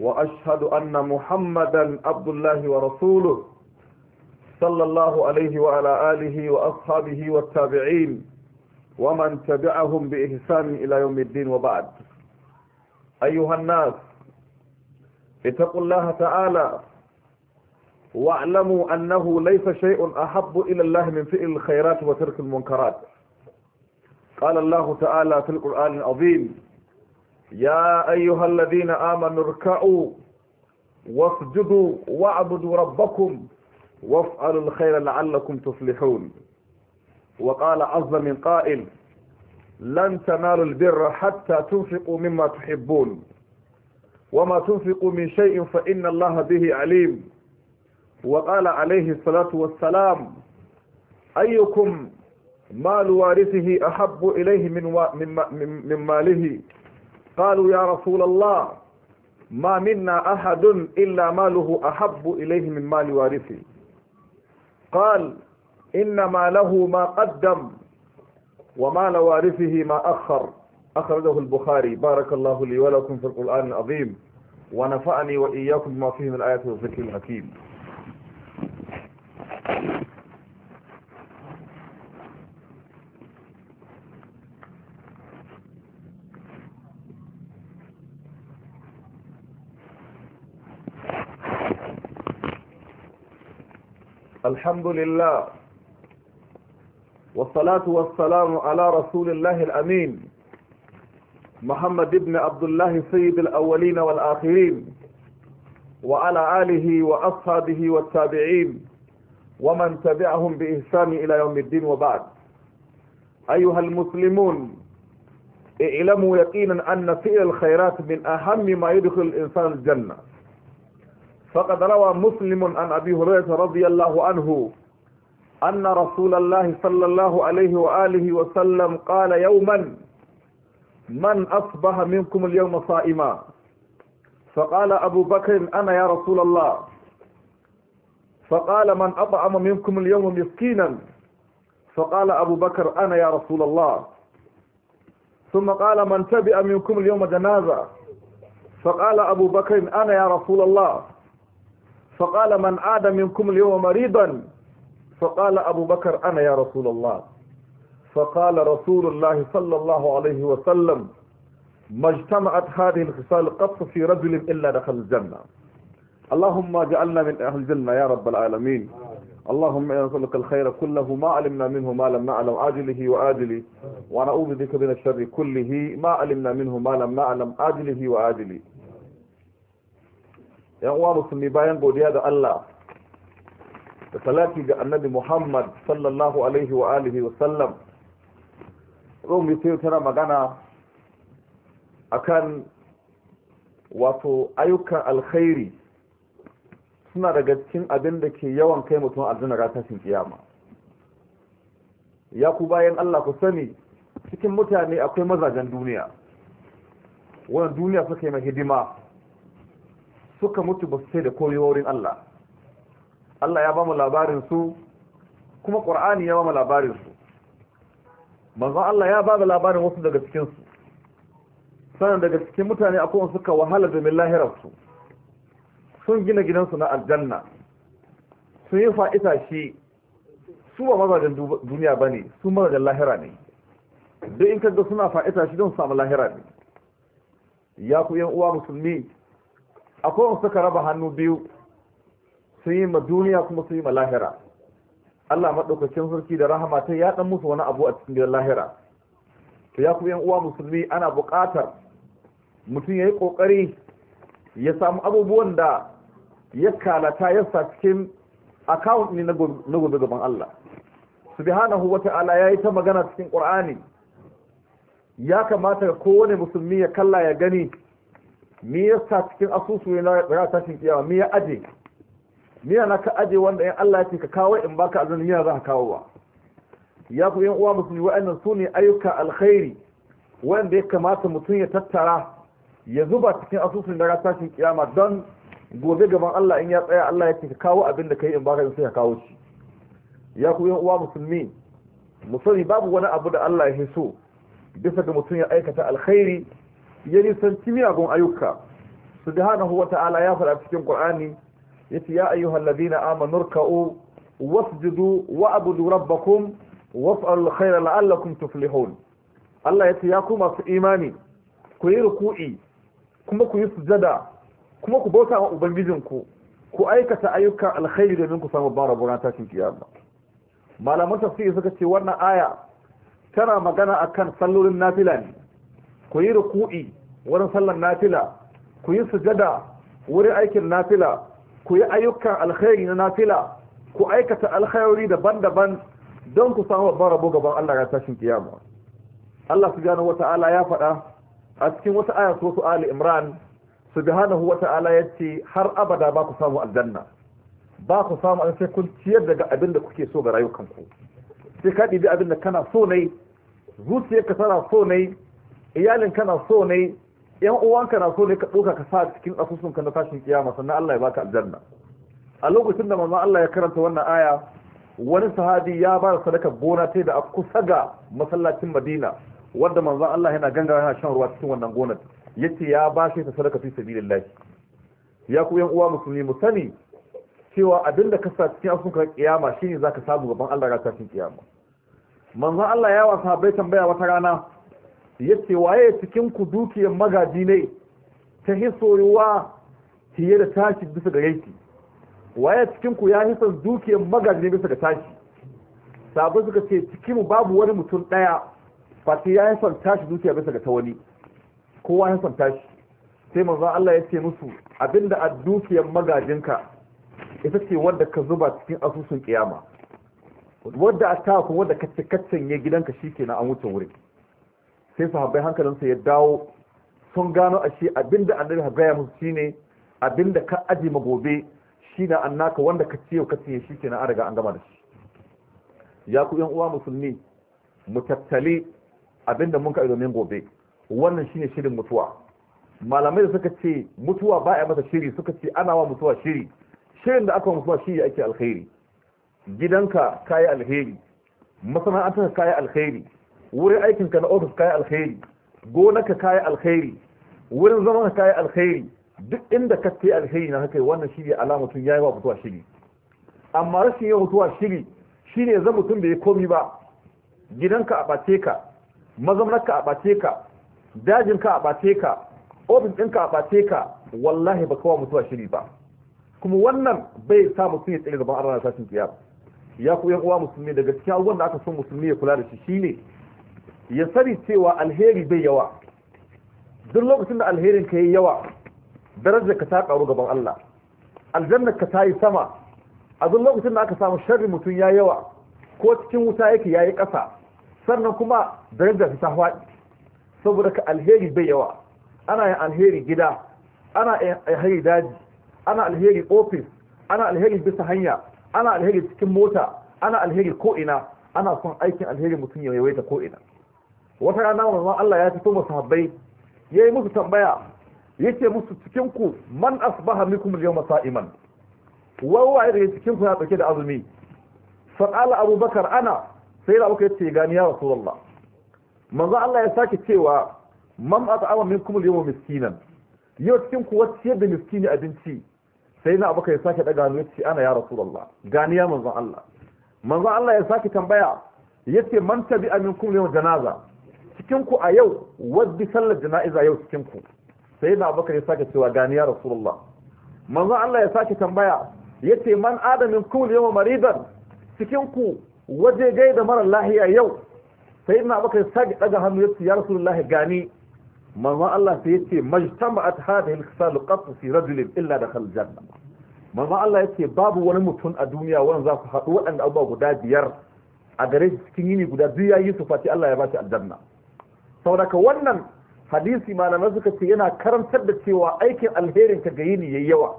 وأشهد أن محمدا عبد الله ورسوله صلى الله عليه وعلى آله وأصحابه والتابعين ومن تبعهم بإحسان إلى يوم الدين وبعد أيها الناس اتقوا الله تعالى واعلموا أنه ليس شيء أحب إلى الله من فعل الخيرات وترك المنكرات قال الله تعالى في القرآن العظيم يا أيها الذين آمنوا اركعوا واسجدوا واعبدوا ربكم وافعلوا الخير لعلكم تفلحون وقال عز من قائل لن تنالوا البر حتى تنفقوا مما تحبون وما تنفقوا من شيء فإن الله به عليم وقال عليه الصلاة والسلام أيكم مال وارثه أحب إليه من, و... من... من... من ماله قالوا يا رسول الله ما منا أحد إلا ماله أحب إليه من مال وارثه قال إنما له ما قدم ومال وارثه ما أخر أخرجه البخاري بارك الله لي ولكم في القرآن العظيم ونفعني وإياكم بما فيه من الآيات والذكر الحكيم الحمد لله والصلاة والسلام على رسول الله الأمين محمد بن عبد الله سيد الأولين والآخرين وعلى آله وأصحابه والتابعين ومن تبعهم بإحسان إلى يوم الدين وبعد أيها المسلمون اعلموا يقينا أن فعل الخيرات من أهم ما يدخل الإنسان الجنة فقد روى مسلم عن أبي هريرة رضي الله عنه أن رسول الله صلى الله عليه وآله وسلم قال يوما من أصبح منكم اليوم صائما فقال أبو بكر أنا يا رسول الله فقال من أطعم منكم اليوم مسكينا فقال أبو بكر أنا يا رسول الله ثم قال من تبع منكم اليوم جنازة فقال أبو بكر أنا يا رسول الله فقال من عاد منكم اليوم مريضا فقال أبو بكر أنا يا رسول الله فقال رسول الله صلى الله عليه وسلم ما اجتمعت هذه الخصال قط في رجل إلا دخل الجنة اللهم اجعلنا من أهل الجنة يا رب العالمين اللهم إنا نسألك الخير كله ما علمنا منه ما لم نعلم عاجله وآجله ونعوذ بك من الشر كله ما علمنا منه ما لم نعلم عاجله وآجله yan uwa musulmi bayan godiya da Allah da salati ga annabi Muhammad sallallahu alaihi wa alihi wa sallam zo mai sai tana magana akan wato ayyukan alkhairi suna daga cikin abin da ke yawan kai mutum aljanna ga tashin kiyama ya ku bayan Allah ku sani cikin mutane akwai mazajen duniya wannan duniya suka yi hidima suka mutu ba su sai da koyo wurin Allah Allah ya ba mu labarin su kuma Qur'ani ya ba mu labarin su manzo Allah ya ba mu labarin wasu daga cikin su sanan daga cikin mutane akwai wasu suka wahala da billahi su sun gina gidansu na aljanna sun yi fa'ita shi su ba mazajen duniya bane su mazajen lahira ne duk in kaga suna fa'ita shi don samu lahira ne ya ku yan uwa musulmi akwai wasu suka raba hannu biyu sun yi ma duniya kuma sun yi ma lahira Allah maɗaukacin sarki da rahama ta ya ɗan musu wani abu a cikin gidan lahira to ya kuma yan uwa musulmi ana buƙatar mutum ya yi ƙoƙari ya samu abubuwan da ya kalata ya sa cikin akawunt ne na gobe gaban Allah subhanahu ta'ala ya yi ta magana cikin ƙur'ani ya kamata kowane musulmi ya kalla ya gani ya sa cikin asusu na ra tashin kiyama mi ya aje ya na ka aje wanda yan Allah ya ce ka kawo in baka mi ya za ka kawo wa ya ku yan uwa musulmi wa'annan ne ayyuka alkhairi wanda ya kamata mutum ya tattara ya zuba cikin asusun da ra tashin kiyama don gobe gaban Allah in ya tsaya Allah ya ce ka kawo abin da kai in baka sai ka kawo shi ya ku yan uwa musulmi musulmi babu wani abu da Allah ya so bisa ga mutum ya aikata alkhairi ya nisanci miyagun ayyuka huwa wata'ala ya faɗa cikin ya yace ya wasu ladina wa abu wasjudu wa'budu wasu waf'alul khayra la'allakum tuflihun Allah yace ya ku masu imani ku yi ruku'i kuma ku yi sujada kuma ku bauta wa ubangijinku ku aikata ayyukan alkhairi domin ku samu bara buran tashin kiyama malaman tafsiri suka ce wannan aya tana magana akan sallolin nafila ne ku yi ruku'i wurin sallar nafila ku yi sujada wurin aikin nafila ku yi ayyukan alkhairi na nafila ku aikata alkhairi daban-daban don ku samu babban rabo gaban Allah ya tashin kiyama Allah subhanahu wata'ala ya faɗa a cikin wata aya Su su Ali Imran subhanahu wata'ala ce har abada ba ku samu aljanna ba ku samu an sai kun ciyar daga abin da kuke so ga rayukanku sai ka dibi abin da kana so ne zuciyarka tana so ne iyalin kana so ne yan uwanka na so ne ka ɗauka ka sa cikin ka na tashin kiyama sannan Allah ya baka aljanna a lokacin da manzo Allah ya karanta wannan aya wani sahadi ya ba da sadaka gona ta da a kusa ga masallacin Madina wadda manzon Allah yana ganga yana shan ruwa cikin wannan gonar yace ya ba shi ta sadaka fi sabilillah ya ku yan uwa musulmi mu sani cewa abinda ka sa cikin asusunka kiyama shine zaka samu gaban Allah ran tashin kiyama manzon Allah ya wasa bai tambaya wata rana Ya ce, waye cikin ku dukiyar magaji ne ta hisoyuwa fiye da tashi bisa ga yanki waye cikin ku ya hisan dukiyar magaji ne bisa ga tashi Sabu suka ce cikin mu babu wani mutum daya fati ya hisan tashi dukiya bisa ga ta wani kowa ya hisan tashi sai manzon Allah ya ce musu abinda a dukiyar magajinka ita ce wanda ka zuba cikin asusun kiyama wadda a ta kuma da kacce kaccen ya gidanka shi shikenan an wuce wurin sai sahabbai hankalinsu ya dawo sun gano ashe abinda annabi ha gaya musu shine abinda ka aje ma gobe shine annaka wanda ka ciyo ka ciye shi kenan an riga an gama da shi ya ku yan uwa musulmi mu tattali abinda mun ka domin gobe wannan shine shirin mutuwa malamai da suka ce mutuwa ba a masa shiri suka ce ana wa mutuwa shiri shirin da aka mutuwa shi ake alkhairi gidanka kayi alheri masana'antar kayi alheri. wurin aikinka na ofis kayi alkhairi ka kayi alkhairi wurin zaman ka kayi alkhairi duk inda ka ce alkhairi na haka wannan alama alamatun yayi ba mutuwa shiri amma rashin yin mutuwa shiri shine zan mutum bai komi ba gidanka a bace ka mazaunarka a bace ka dajinka a bace ka ofis ɗinka a bace ka wallahi ba kawo mutuwa shiri ba kuma wannan bai sa mutum ya tsere gaban arana sashin kiyama ya ku yan uwa musulmi daga cikin abubuwan da aka son musulmi ya kula da shi shine ya sani cewa alheri bai yawa duk lokacin da alherin ka yi yawa darajar ka ta karu gaban Allah aljanna ka ta yi sama a duk lokacin da aka samu sharri mutum ya yawa ko cikin wuta yake yayi ƙasa sannan kuma darajar ta faɗi saboda ka alheri bai yawa ana yin alheri gida ana yin alheri daji ana alheri ofis ana alheri bisa hanya ana alheri cikin mota ana alheri ko ina ana son aikin alheri mutum ya yawaita ko ina wata rana manzon Allah ya fito masa habbai yayi musu tambaya yace musu cikin ku man asbaha minkum al-yawma sa'iman wawaye daga cikin ku ya dauke da azumi fa qala abubakar ana sai da abu abuka yace gani ya rasulullah manzon Allah ya sake cewa man at'ama minkum al-yawma miskinan yau cikin ku wacce da miskini abinci sai na abuka ya sake daga hannu yace ana ya rasulullah gani ya manzon Allah manzon Allah ya sake tambaya yace man tabi'a minkum yawma janaza cikinku a yau wadda sallar jana'iza yau cikinku sai na abubakar ya sake cewa gani ya rasulullah manzo Allah ya sake tambaya yace man adamin kul yawma maridan cikinku waje gaida mara lahiya yau sai na abubakar ya sake daga hannu yace ya rasulullah gani manzo Allah sai yace majtama'at hadhihi al-khisal qat fi rajulin illa dakhal janna manzo Allah yace babu wani mutum a duniya wanda za su haɗu waɗanda abubuwa guda biyar a gare shi cikin yini guda biyu ya yi su fati Allah ya ba shi aljanna ka wannan hadisi malamai suka ce yana karantar da cewa aikin alherin ka gayi ne yayi yawa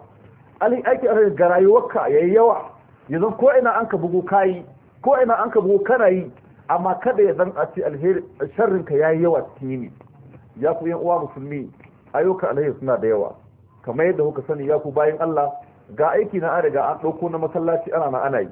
aikin alherin ga rayuwarka yi yawa yanzu ko ina an ka bugu kayi ko ina an ka bugu kana yi amma kada ya zan a ce alherin ka ya yayi yawa cikin ne ya ku yan uwa musulmi ayyukan alherin suna da yawa kamar yadda kuka sani ya ku bayan Allah ga aiki na an riga an ɗauko na masallaci ana na ana yi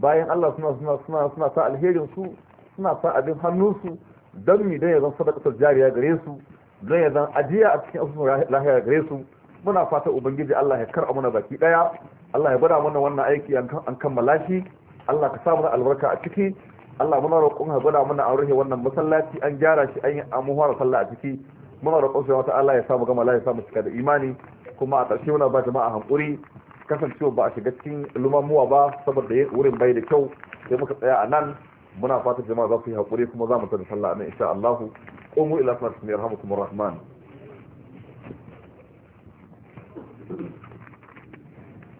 bayan Allah suna suna suna suna sa alherin su suna sa abin hannunsu don mi dai zan zan sadakatar jariya gare su don ya zan ajiya a cikin asusun lahiya gare su muna fata ubangiji Allah ya karɓa mana baki daya Allah ya gwada mana wannan aiki an kammala shi Allah ka samu albarka a ciki Allah muna roƙon ka gwada mana an wannan masallaci an gyara shi an yi amuhuwar sallah a ciki muna roƙon sai wata Allah ya samu gama ya samu cika da imani kuma a ƙarshe muna ba jama'a hankuri kasancewa ba a shiga cikin lumamuwa ba saboda wurin bai da kyau sai muka tsaya a nan muna fatan jama'a za su yi haƙuri kuma za mu tafi sallah nan insha Allah ko mu ila salati yarhamukumur rahman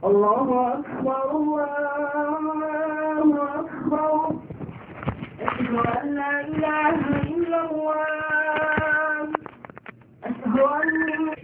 الله rahman Allahu أكبر أشهد أن